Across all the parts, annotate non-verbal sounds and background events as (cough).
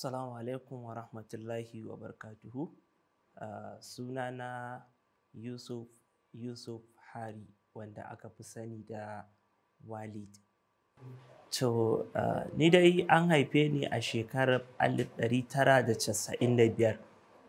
Assalamu alaikum wa rahmatullahi wa barkatuhu. Uh, ah, sunana Yusuf Yusuf Hari wanda aka fi sani da Walid. To, ah, ni dai an haife ni a shekarar 1995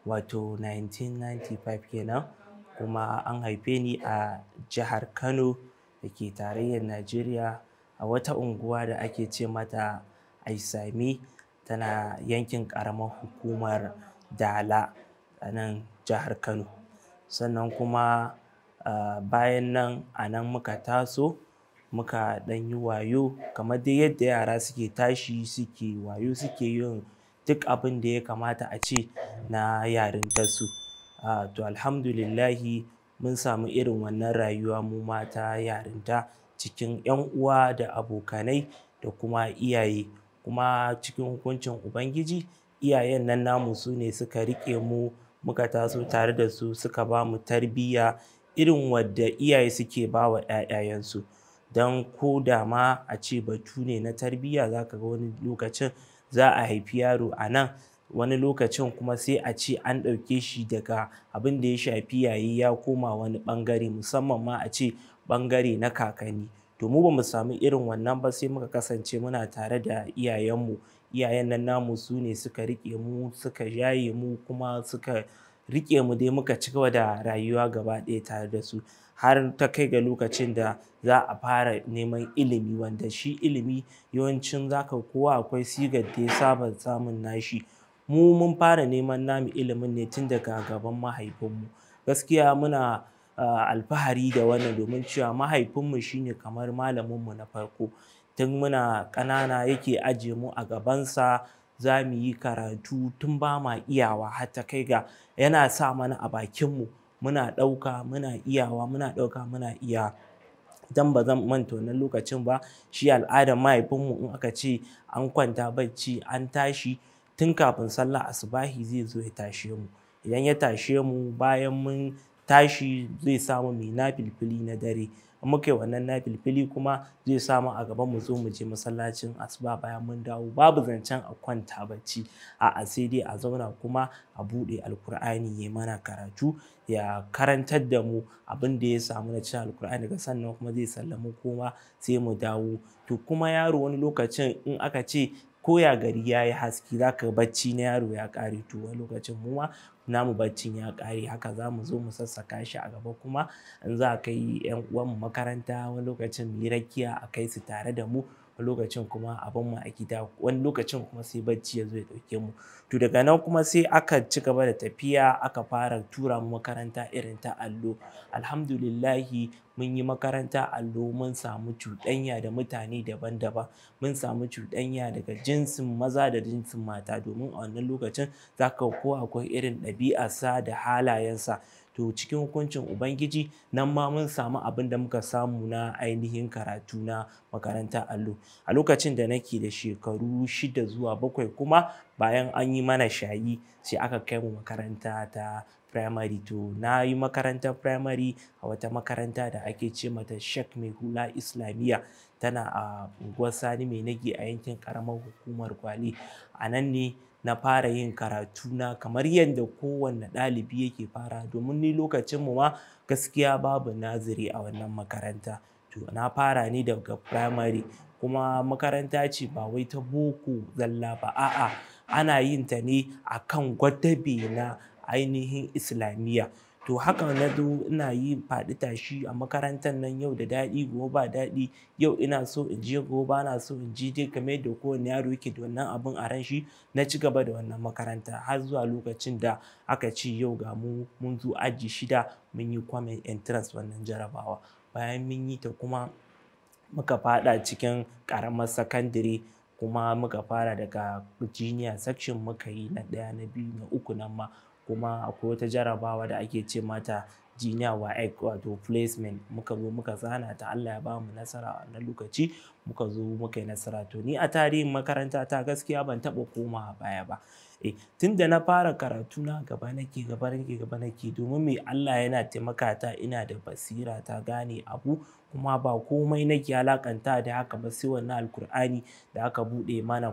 wato 1995 kenan kuma an haife ni a jihar Kano da ke tarayyar Najeriya a wata unguwa da ake ce mata Aisami. tana yankin ƙaramar hukumar Dala a nan jihar Kano. Sannan kuma bayan nan a nan muka taso muka ɗan yi wayo kamar dai yadda yara suke tashi suke wayo suke yin duk abin da ya kamata a ce na yarintarsu. To alhamdulillahi mun samu irin wannan rayuwa mu mata yarinta cikin 'yan uwa da abokanai da kuma iyaye. kuma cikin hukuncin ubangiji iyayen nan namu su ne suka riƙe mu muka taso tare da su suka ba mu tarbiyya irin wadda iyaye suke ba wa 'ya'yayensu don ko da ma a ce batu ne na tarbiyya za ka ga wani lokacin za a haifi yaro a nan wani lokacin kuma sai a ce an ɗauke shi daga abin da ya shafi yayi ya koma wani ɓangare musamman ma a ce ɓangare na kakanni to mu ba mu samu irin wannan ba sai muka kasance muna tare da iyayenmu iyayen nan namu su ne suka riƙe mu suka jaye mu kuma suka riƙe mu dai muka ci da rayuwa gaba ɗaya tare da su har ta kai ga lokacin da za a fara neman ilimi wanda shi ilimi yawancin zaka kowa akwai sigar da ya saba samun nashi mu mun fara neman namu ilimin ne tun daga gaban mahaifinmu gaskiya muna alfahari da wannan domin cewa mahaifinmu shine kamar malaminmu na farko tun muna ƙanana yake aje mu a gabansa za mu yi karatu tun ba ma iyawa har ta kai ga yana sa mana a bakinmu muna ɗauka muna iyawa muna ɗauka muna iya dan ba zan manta wannan lokacin ba shi al'adar mahaifinmu in aka ce an kwanta bacci an tashi tun kafin sallah asubahi zai zo ya tashe mu idan ya tashe mu bayan mun tashi zai samu mai na filfili na dare muka yi wannan na filfili kuma zai samu a gaban mu zo mu je masallacin asuba bayan mun dawo babu zancen a kwanta bacci a sai dai a zauna kuma a buɗe alkur'ani ya mana karatu ya karantar da mu abin da ya samu na cin alkur'ani daga sannan kuma zai sallamu kuma sai mu dawo to kuma yaro wani lokacin in aka ce koya gari ya yi haski za ka bacci na yaro ya ƙare to wani lokacin mu namu baccin ya ƙare haka za mu zo mu sassaka shi a gaba kuma in za a kai 'yan uwanmu makaranta wani lokacin mu yi rakiya a kai su tare da mu lokacin kuma abin mu a gida wani lokacin kuma sai bacci ya zo ya ɗauke mu to daga nan kuma sai aka ci gaba da tafiya aka fara tura mu makaranta irin ta allo alhamdulillahi mun yi makaranta allo mun samu cuɗanya da mutane daban-daban mun samu cuɗanya daga jinsin maza da jinsin mata domin a wannan lokacin za ka ko akwai irin ɗabi'arsa da halayensa to cikin hukuncin ubangiji nan ma mun samu abin da muka samu na ainihin karatu na makaranta allo a lokacin da nake da shekaru shida zuwa bakwai kuma bayan an yi mana shayi sai aka kai mu makaranta ta primary to na yi makarantar primary a wata makaranta da ake ce mata shek mai hula islamiyya tana a unguwar sani mai nagi a yankin karamar hukumar kwali a nan ne na fara yin karatu na kamar yadda kowanne ɗalibi yake fara domin ni lokacinmu ma gaskiya babu naziri a wannan makaranta to na fara ni daga primary kuma makaranta ce ba wai ta boko zalla ba a'a ana yin ta ne akan gwadabe na ainihin islamiyya to haka na zo ina yi faɗi tashi a makarantar nan yau da daɗi gobe ba daɗi yau ina so in je gobe ba na so in je dai kamar da kowane yaro yake da wannan abin a ran shi na ci gaba da wannan makaranta har zuwa lokacin da aka ce yau ga mu mun zo aji shida mun yi kwamen entrance wannan jarabawa bayan mun yi ta kuma muka faɗa cikin ƙaramar sakandare kuma muka fara daga junior section muka yi na ɗaya na biyu na uku nan ma kuma akwai wata jarabawa da ake ce mata jiniya wa egg wato placement muka zo muka zana ta Allah ya ba mu nasara a wannan lokaci muka zo muka yi nasara to ni a tarihin makaranta ta gaskiya ban taɓa komawa baya ba eh tun da na fara karatu na gaba nake gaba nake gaba nake domin mai Allah yana taimaka ta ina da basira ta gane abu kuma ba komai nake alakanta da haka ba sai wannan alkur'ani da aka buɗe mana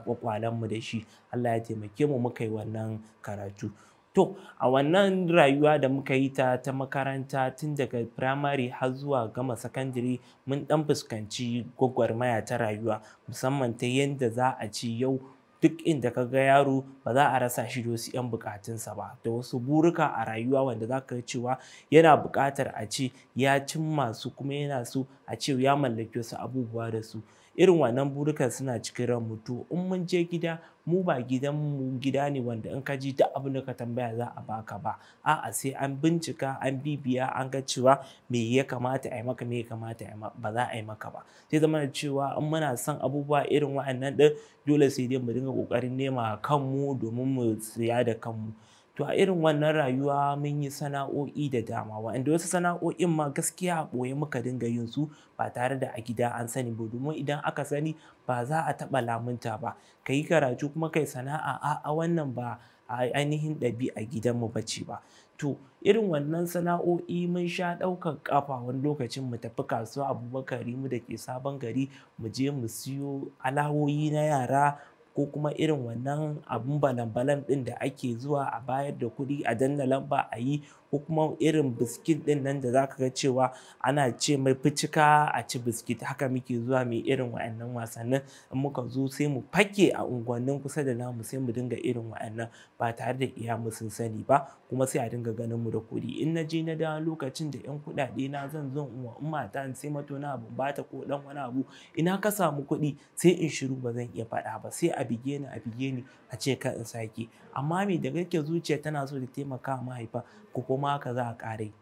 mu da shi Allah ya taimake mu muka yi wannan karatu to a wannan rayuwa da muka yi ta ta makaranta tun daga firamare har zuwa gama sakandare mun ɗan fuskanci gwagwarmaya ta rayuwa musamman ta yanda za a ci yau duk inda ka ga yaro ba za a rasa shi da wasu 'yan bukatunsa ba da wasu burika a rayuwa wanda za ka cewa yana bukatar a ce ya cimma su kuma yana so a ce ya mallaki wasu abubuwa da su irin wannan burukan suna cikin ran mutu in mun je gida mu ba gidan mu gida ne wanda in ka ji duk abin da ka tambaya za a baka ba a'a sai an bincika an bibiya an ga cewa me ya kamata a yi maka me ya kamata a yi maka ba za a yi maka ba sai zama cewa in muna son abubuwa irin wa'annan din dole sai dai mu dinga kokarin nema kanmu domin mu siya da kanmu to a irin wannan rayuwa mun yi sana'o'i da dama wa'anda wasu sana'o'in ma gaskiya a ɓoye muka dinga yin su ba tare da a gida an sani ba domin idan aka sani ba za a taɓa lamunta ba ka yi karatu kuma kai sana'a a wannan ba a ainihin ɗabi'a gidanmu ba ce ba to irin wannan sana'o'i mun sha ɗaukar ƙafa wani lokacin mu tafi kasuwa abubakari mu da ke sabon gari mu je mu siyo alawoyi na yara ko kuma irin wannan abun balan-balan ɗin da ake zuwa a bayar da kuɗi a danna lamba a yi ko kuma irin biskit ɗin nan da zaka ga cewa ana ce mai ficika a ci biskit haka muke zuwa mai irin wa'annan wasannin in muka zo sai mu fake a unguwannin kusa da namu sai mu dinga irin wa'annan ba tare da iya musun sani ba kuma sai a dinga ganin mu da kuɗi in na je na dawo lokacin da 'yan kuɗaɗe na zan zo in wa mata in sai mato na abu bata ko ɗan wani abu ina ka samu kuɗi sai in shiru ba zan iya faɗa ba sai a bige ni a bige ni a ce ka in sake amma me da kake zuciya tana so ta taimaka mahaifa ko kuma haka za a kare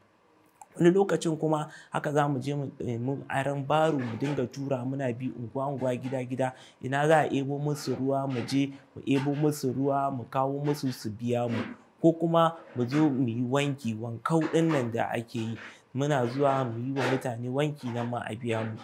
wani lokacin kuma haka za mu je mu eh, aran baro mu dinga tura muna bi unguwa unguwa gida gida ina za a ebo musu ruwa mu je mu ebo musu ruwa mu kawo musu su biya mu ko kuma mu zo mu yi wanki wankau ɗin nan da ake yi muna zuwa mu yi wa mutane wanki nan ma a biya mu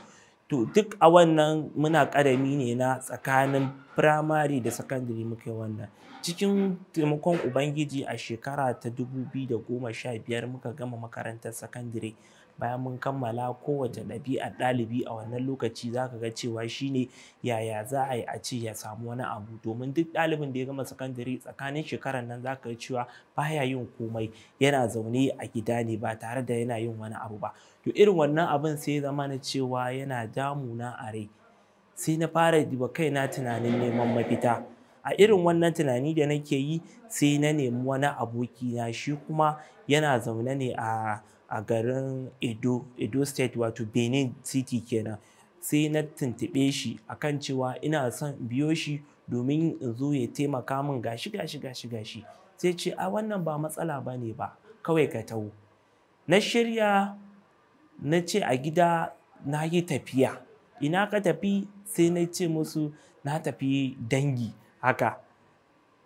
to duk a wannan muna ƙarami ne na tsakanin firamare da sakandare muka wannan cikin taimakon ubangiji a shekara ta 2015 muka gama makarantar sakandare bayan mun kammala kowace ɗabi'ar ɗalibi a wannan lokaci za ka ga cewa shine yaya za a yi a ce ya samu wani abu domin duk ɗalibin da ya gama sakandare tsakanin shekarar nan za ka ga cewa baya yin komai yana zaune a gida ne ba tare da yana yin wani abu ba to irin wannan abin sai zama na cewa yana damuna a rai sai na fara wa kaina tunanin neman mafita a irin wannan tunani da nake yi sai na nemi wani abokina shi kuma yana zaune ne a a garin edo state wato benin city kenan sai na tuntuɓe shi akan cewa ina son biyo shi domin in zo ya taimaka min gashi gashi gashi gashi sai ce a wannan ba matsala ba ne ba kawai ka taho na shirya na ce a gida na yi tafiya ina ka tafi sai na ce musu na tafi dangi haka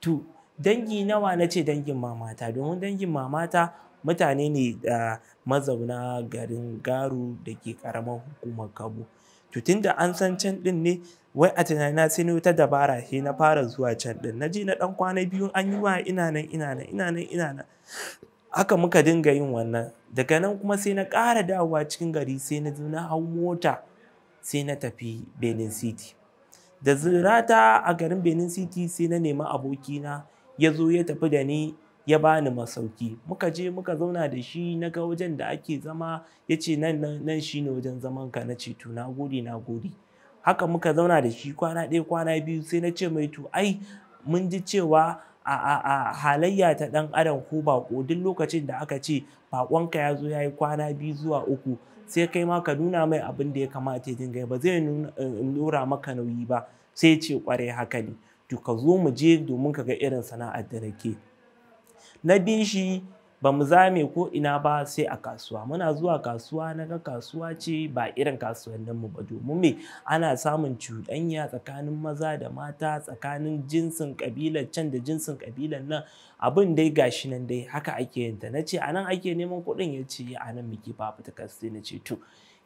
to dangi nawa na ce dangin mamata domin dangin mamata mutane ne da mazauna garin garu da ke karamar hukumar kabo to tunda an san can din ne wai a tunanina sai ni ta dabara sai na fara zuwa can din na je na dan kwana biyu an yi wa ina nan ina nan ina nan ina nan haka muka dinga yin wannan daga nan kuma sai na ƙara dawowa cikin gari sai na zo na hau mota sai na tafi benin city da zirata a garin benin city sai na nemi abokina ya zo ya tafi da ni ya bani masauki muka je muka zauna da shi na ga wajen da ake zama ya ce nan nan shi ne wajen zaman ka na ce to na gode na gode haka muka zauna da shi kwana ɗaya kwana biyu sai na ce mai to ai mun ji cewa a a a halayya ta ɗan adam ko baƙo duk lokacin da aka ce baƙonka ya zo ya yi kwana biyu zuwa uku sai kai ma ka nuna mai abin da ya kamata ya dinga ba zai nura eh, maka nauyi ba sai ce kwarai haka ne to ka zo mu je domin ka ga irin sana'ar da nake na bishi shi ba mu zame ko ina ba sai a kasuwa muna zuwa kasuwa na ga kasuwa ce ba irin kasuwannin mu ba domin me ana samun cuɗanya tsakanin maza da mata tsakanin jinsin kabilar can da jinsin kabilar nan abin dai gashi nan dai haka ake yin ta nace anan ake neman kuɗin ya ce a nan muke babu sai ce to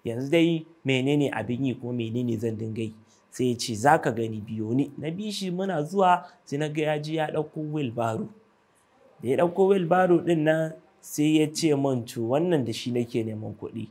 yanzu dai menene abin yi ko menene zan dinga yi sai ya ce za ka gani biyo ni na bi shi muna zuwa sai na ga ya ya ɗauko wilbaro da ya ɗauko wilbaro ɗin nan sai ya ce man to wannan da shi nake neman kuɗi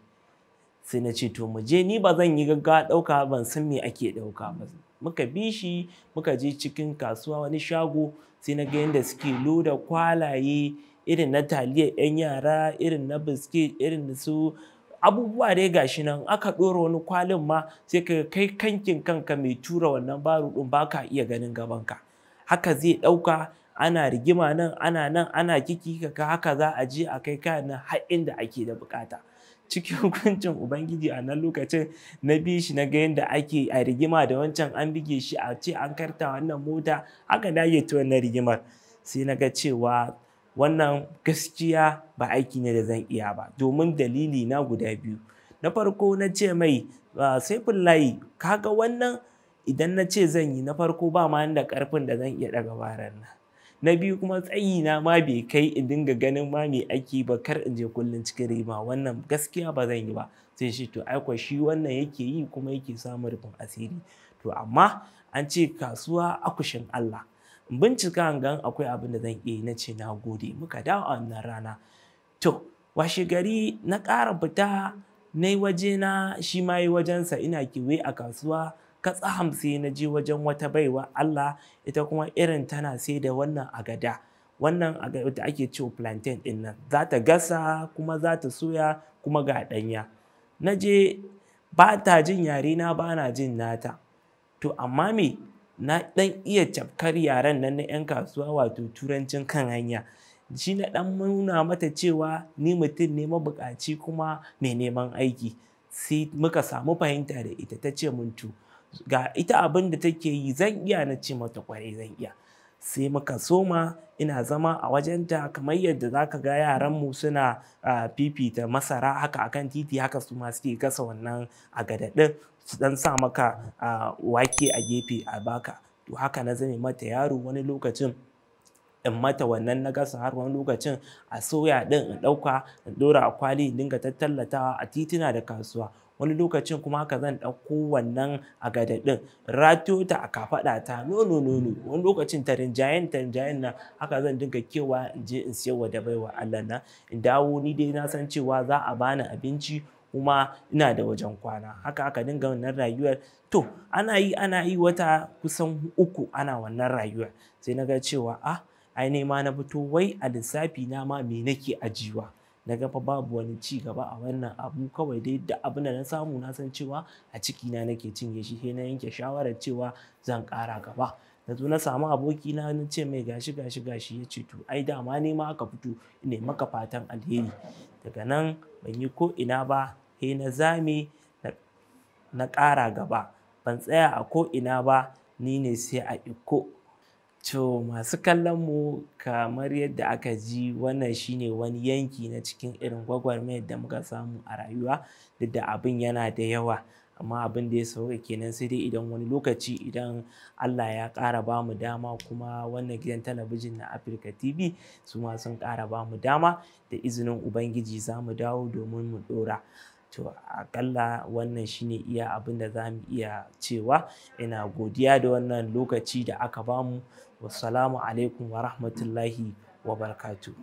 sai na ce to mu je ni ba zan yi gaggawa ɗauka ban san me ake ɗauka ba muka bi shi muka je cikin kasuwa wani shago sai na ga yadda suke loda kwalaye irin na taliya 'yan yara irin na biskit irin su abubuwa dai gashi nan aka ɗora wani kwalin ma sai ka kai kankin kanka mai tura wannan baro ɗin ba ka iya ganin gabanka haka zai ɗauka ana rigima nan ana nan ana kiki kaka haka za a je a kai kayan nan har inda ake da bukata cikin (laughs) hukuncin ubangiji a nan lokacin na bi shi na ga yadda ake a rigima da wancan an bige shi a ce an karta wannan mota haka da ta wannan rigimar sai na ga cewa wannan gaskiya ba aiki ne da zan iya ba domin dalili na guda biyu na farko na ce mai sai ah, saifullahi kaga wannan idan na ce zan yi na farko ba ma da karfin da zan iya daga baran nan na biyu kuma tsayi na ma bai kai in dinga ganin ma mai aiki ba kar in je kullum cikin rima. wannan gaskiya ba zan yi ba sai shi to aiko shi wannan yake yi kuma yake samun rufin asiri to amma an ce kasuwa akushin Allah bincika an gan akwai abin da zan iya na ce na gode muka dawo a wannan rana to washe gari na ƙara fita na yi waje na shi ma yi wajensa ina kewaye a kasuwa katsa hamsin na je wajen wata baiwa Allah ita kuma irin tana sai da wannan agada wannan agada ake cewa plantain din nan za ta gasa kuma za ta soya kuma ga ɗanya na je ba ta jin yare na ba na jin nata to amma me na ɗan iya cafkar yaren nan na 'yan kasuwa wato turancin kan hanya shi na ɗan nuna mata cewa ni mutum ne mabukaci kuma mai neman aiki sai muka samu fahimta da ita ta ce mun to ga ita abin da take yi zan iya na ce mata kwarai zan iya sai muka soma ina zama a wajenta kamar yadda za ka ga yaranmu suna fifita masara haka akan titi haka su ma suke gasa wannan agadaɗin su dan sa maka wake a gefe a baka to haka na zame mata yaro wani lokacin in mata wannan na gasa har wani lokacin a soya ɗin in ɗauka in ɗora a kwali in dinga tattallatawa a titina da kasuwa wani lokacin kuma haka zan ɗauko wannan agada ɗin ratiyo ta a kafaɗa ta nono nono wani lokacin ta rinjayen ta rinjayen na haka zan dinga kewa in je in siyarwa da baiwa Allah na in dawo ni dai na san cewa za a bani abinci kuma ina da wajen kwana haka aka dinga wannan rayuwar to ana yi ana yi wata kusan uku ana wannan rayuwar sai na ga cewa ah ai nema na fito wai a lissafi na ma me nake ajiwa na ga fa babu wani ci gaba a wannan abu kawai dai da abin da na samu na san cewa a ciki na nake cinye shi sai na yanke shawarar cewa zan ƙara gaba na zo na samu aboki na na ce mai gashi gashi gashi ya ce to ai dama ne ma aka fito ne maka fatan alheri daga nan ban yi ko ina ba he na zame na ƙara gaba ban tsaya a ko ina ba ni ne sai a iko To masu kallon mu kamar yadda aka ji wannan shine wani yanki na cikin irin gwagwarmayar da muka samu a rayuwa duk da abin yana da yawa amma abin da ya sauka kenan sai dai idan wani lokaci idan Allah ya ƙara ba mu dama kuma wannan gidan talabijin na Afirka TV su ma sun ƙara ba mu dama da izinin Ubangiji za mu dawo domin mu ɗora. to akalla wannan shine iya abin da za mu iya cewa ina godiya da wannan lokaci da aka bamu wassalamu alaikum wa rahmatullahi wa barakatuh